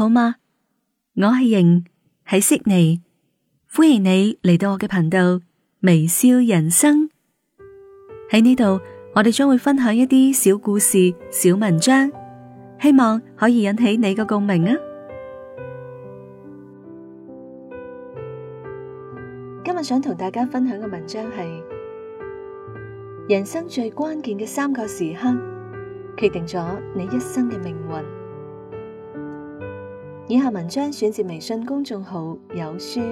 好嗎？我係瑩，喺悉尼，歡迎你嚟到我嘅頻道微笑人生。喺呢度，我哋將會分享一啲小故事、小文章，希望可以引起你嘅共鳴啊！今日想同大家分享嘅文章係：人生最關鍵嘅三個時刻，決定咗你一生嘅命運。以下文章選自微信公眾號有書。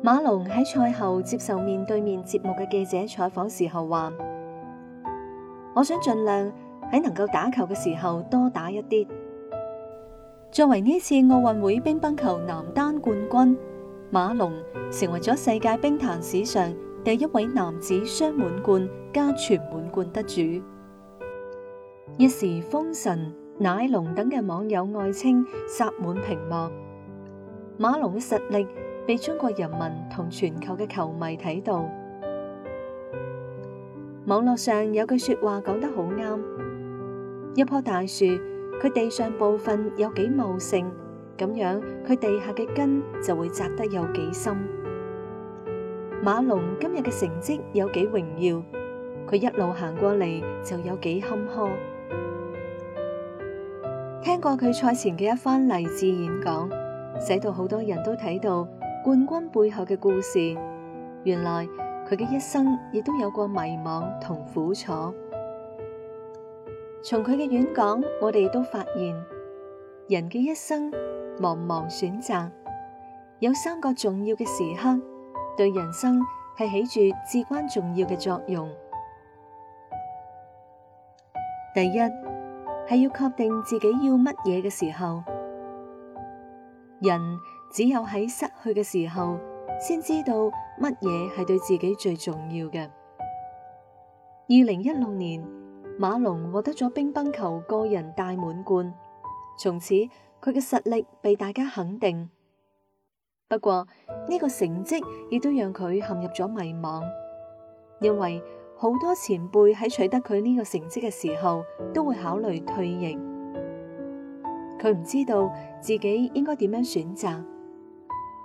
馬龍喺賽後接受面對面節目嘅記者採訪時候話：我想盡量喺能夠打球嘅時候多打一啲。作為呢次奧運會乒乓球男單冠軍，馬龍成為咗世界乒壇史上第一位男子雙滿貫、加全滿貫得主。一時風神、奶龍等嘅網友愛稱塞滿屏幕，馬龍嘅實力被中國人民同全球嘅球迷睇到。網絡上有句說話講得好啱：一棵大樹，佢地上部分有幾茂盛，咁樣佢地下嘅根就會紮得有幾深。馬龍今日嘅成績有幾榮耀，佢一路行過嚟就有幾坎坷。聽過佢賽前嘅一番勵志演講，使到好多人都睇到冠軍背後嘅故事。原來佢嘅一生亦都有過迷茫同苦楚。從佢嘅演講，我哋都發現人嘅一生茫茫選擇，有三個重要嘅時刻對人生係起住至關重要嘅作用。第一。係要確定自己要乜嘢嘅時候，人只有喺失去嘅時候，先知道乜嘢係對自己最重要嘅。二零一六年，馬龍獲得咗乒乓球個人大滿貫，從此佢嘅實力被大家肯定。不過呢個成績亦都讓佢陷入咗迷茫，因為。好多前輩喺取得佢呢個成績嘅時候，都會考慮退役。佢唔知道自己應該點樣選擇，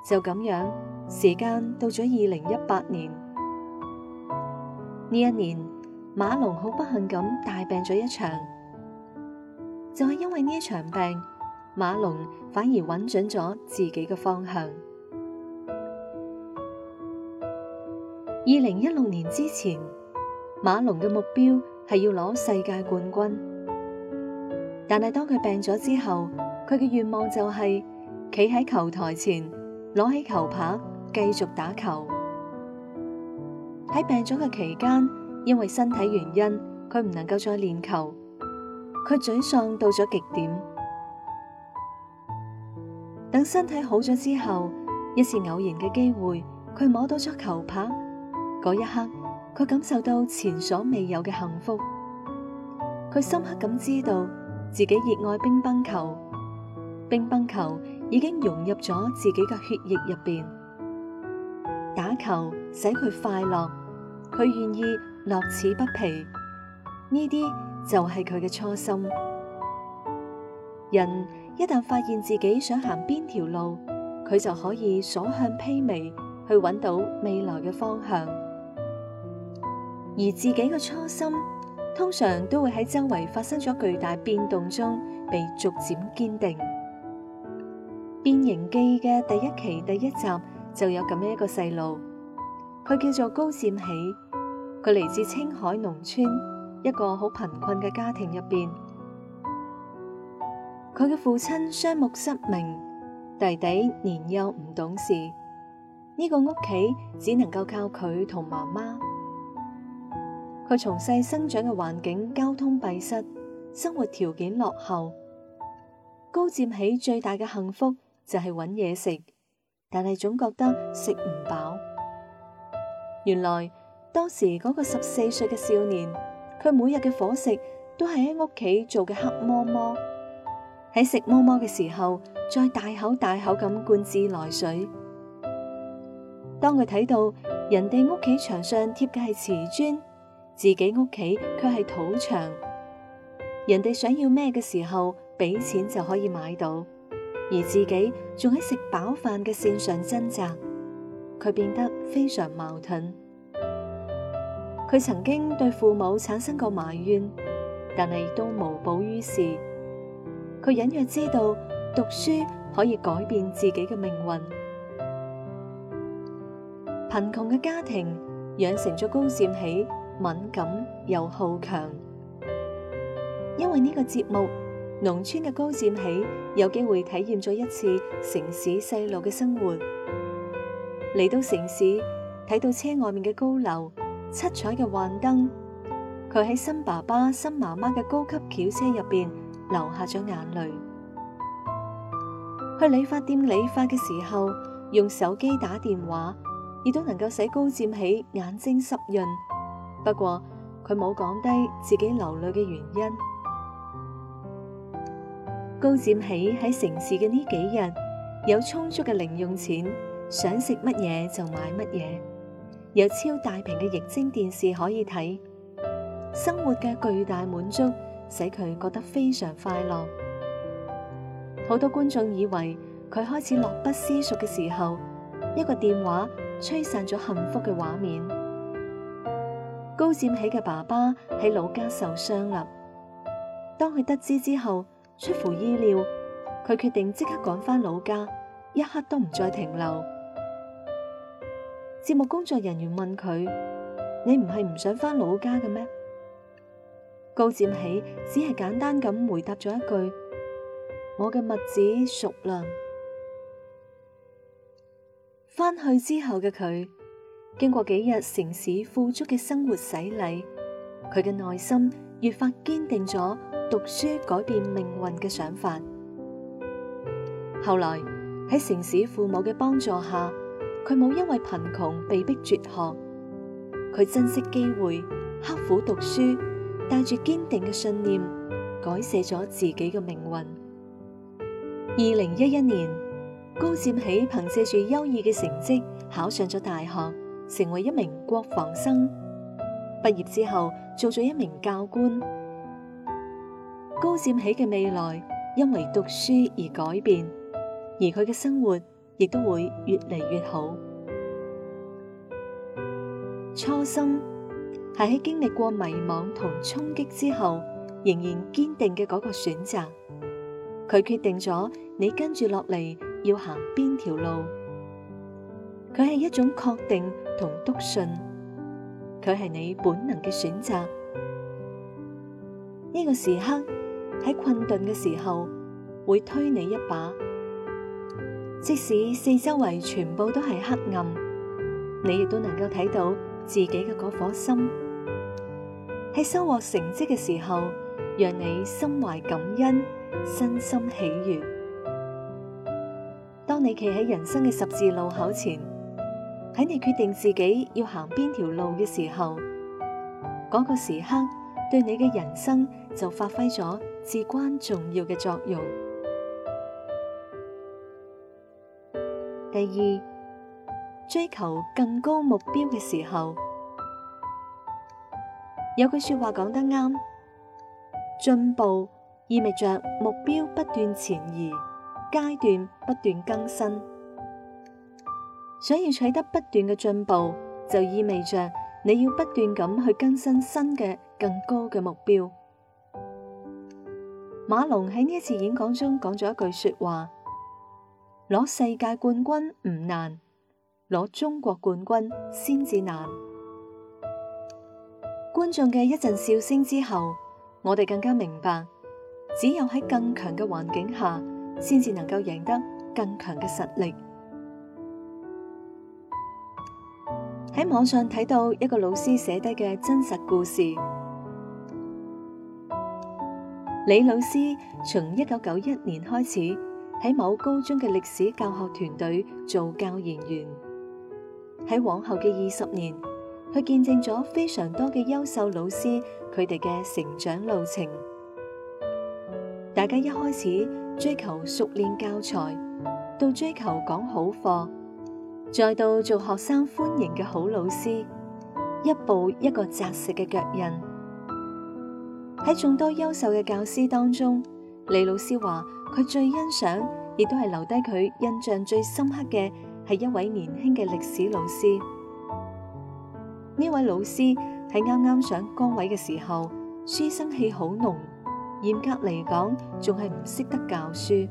就咁樣。時間到咗二零一八年呢一年，馬龍好不幸咁大病咗一場，就係因為呢一場病，馬龍反而穩準咗自己嘅方向。二零一六年之前。馬龍嘅目標係要攞世界冠軍，但係當佢病咗之後，佢嘅願望就係企喺球台前，攞起球拍繼續打球。喺病咗嘅期間，因為身體原因，佢唔能夠再練球，佢沮喪到咗極點。等身體好咗之後，一次偶然嘅機會，佢摸到咗球拍，嗰一刻。佢感受到前所未有嘅幸福，佢深刻咁知道自己熱愛乒乓球，乒乓球已經融入咗自己嘅血液入邊，打球使佢快樂，佢願意樂此不疲，呢啲就係佢嘅初心。人一旦發現自己想行邊條路，佢就可以所向披靡，去搵到未來嘅方向。而自己嘅初心，通常都會喺周圍發生咗巨大變動中，被逐漸堅定。《變形記》嘅第一期第一集就有咁樣一個細路，佢叫做高占喜，佢嚟自青海農村一個好貧困嘅家庭入邊，佢嘅父親雙目失明，弟弟年幼唔懂事，呢個屋企只能夠靠佢同媽媽。佢從細生長嘅環境交通閉塞，生活條件落後。高占喜最大嘅幸福就係搵嘢食，但係總覺得食唔飽。原來當時嗰個十四歲嘅少年，佢每日嘅伙食都係喺屋企做嘅黑饃饃。喺食饃饃嘅時候，再大口大口咁灌自來水。當佢睇到人哋屋企牆上貼嘅係瓷磚。自己屋企卻係土牆，人哋想要咩嘅時候俾錢就可以買到，而自己仲喺食飽飯嘅線上掙扎，佢變得非常矛盾。佢曾經對父母產生過埋怨，但係都無補於事。佢隱約知道讀書可以改變自己嘅命運，貧窮嘅家庭養成咗高占喜，敏感又好強，因為呢個節目，農村嘅高占喜有機會體驗咗一次城市細路嘅生活。嚟到城市，睇到車外面嘅高樓、七彩嘅幻燈，佢喺新爸爸、新媽媽嘅高級轎車入邊流下咗眼淚。去理髮店理髮嘅時候，用手機打電話，亦都能夠使高占喜眼睛濕潤。不過佢冇講低自己流淚嘅原因。高占喜喺城市嘅呢幾日，有充足嘅零用錢，想食乜嘢就買乜嘢，有超大屏嘅液晶電視可以睇，生活嘅巨大滿足使佢覺得非常快樂。好多觀眾以為佢開始樂不思蜀嘅時候，一個電話吹散咗幸福嘅畫面。高占喜嘅爸爸喺老家受傷啦。當佢得知之後，出乎意料，佢決定即刻趕返老家，一刻都唔再停留。節目工作人員問佢：你唔係唔想返老家嘅咩？高占喜只係簡單咁回答咗一句：我嘅麥子熟啦。返去之後嘅佢。經過幾日城市富足嘅生活洗禮，佢嘅內心越發堅定咗讀書改變命運嘅想法。後來喺城市父母嘅幫助下，佢冇因為貧窮被逼輟學，佢珍惜機會，刻苦讀書，帶住堅定嘅信念，改寫咗自己嘅命運。二零一一年，高占喜憑借住優異嘅成績考上咗大學。成為一名國防生，畢業之後做咗一名教官。高占喜嘅未來因為讀書而改變，而佢嘅生活亦都會越嚟越好。初心係喺經歷過迷茫同衝擊之後，仍然堅定嘅嗰個選擇。佢決定咗，你跟住落嚟，要行邊條路？佢係一種確定同篤信，佢係你本能嘅選擇。呢個時刻喺困頓嘅時候，會推你一把。即使四周圍全部都係黑暗，你亦都能夠睇到自己嘅嗰顆心。喺收穫成績嘅時候，讓你心懷感恩，身心喜悅。當你企喺人生嘅十字路口前。喺你決定自己要行邊條路嘅時候，嗰個時刻對你嘅人生就發揮咗至關重要嘅作用。第二，追求更高目標嘅時候，有句說話講得啱：進步意味着目標不斷前移，階段不斷更新。想要取得不斷嘅進步，就意味著你要不斷咁去更新新嘅更高嘅目標。馬龍喺呢一次演講中講咗一句說話：攞世界冠軍唔難，攞中國冠軍先至難。觀眾嘅一陣笑聲之後，我哋更加明白，只有喺更強嘅環境下，先至能夠贏得更強嘅實力。喺網上睇到一個老師寫低嘅真實故事。李老師從一九九一年開始，喺某高中嘅歷史教學團隊做教研員，喺往後嘅二十年，佢見證咗非常多嘅優秀老師佢哋嘅成長路程。大家一開始追求熟練教材，到追求講好課。再到做學生歡迎嘅好老師，一步一個紮實嘅腳印。喺眾多優秀嘅教師當中，李老師話佢最欣賞，亦都係留低佢印象最深刻嘅係一位年輕嘅歷史老師。呢位老師喺啱啱上崗位嘅時候，書生氣好濃，嚴格嚟講仲係唔識得教書，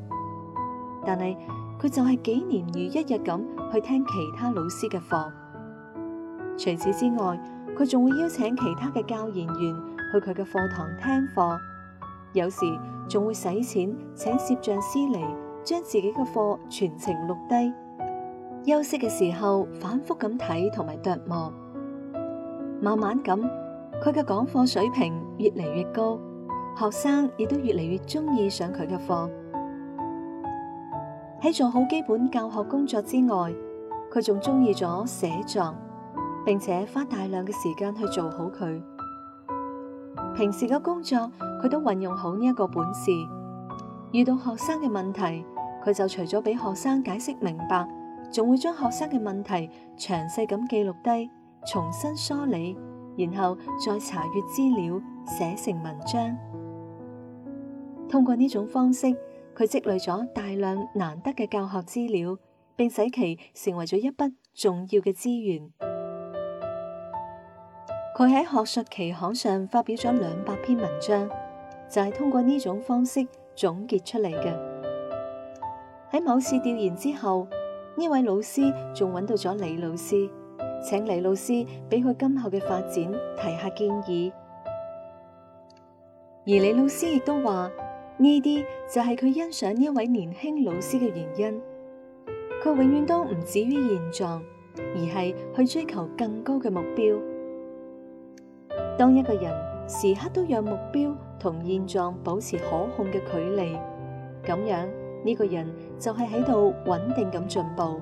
但係。佢就係幾年如一日咁去聽其他老師嘅課。除此之外，佢仲會邀請其他嘅教研員去佢嘅課堂聽課，有時仲會使錢請攝像師嚟將自己嘅課全程錄低。休息嘅時候，反復咁睇同埋琢磨。慢慢咁，佢嘅講課水平越嚟越高，學生亦都越嚟越中意上佢嘅課。喺做好基本教學工作之外，佢仲中意咗寫作，並且花大量嘅時間去做好佢。平時嘅工作，佢都運用好呢一個本事。遇到學生嘅問題，佢就除咗俾學生解釋明白，仲會將學生嘅問題詳細咁記錄低，重新梳理，然後再查閱資料，寫成文章。通過呢種方式，佢積累咗大量難得嘅教學資料，並使其成為咗一筆重要嘅資源。佢喺學術期刊上發表咗兩百篇文章，就係通過呢種方式總結出嚟嘅。喺某次調研之後，呢位老師仲揾到咗李老師，請李老師俾佢今後嘅發展提下建議。而李老師亦都話。呢啲就係佢欣賞呢位年輕老師嘅原因，佢永遠都唔止於現狀，而係去追求更高嘅目標。當一個人時刻都讓目標同現狀保持可控嘅距離，咁樣呢個人就係喺度穩定咁進步。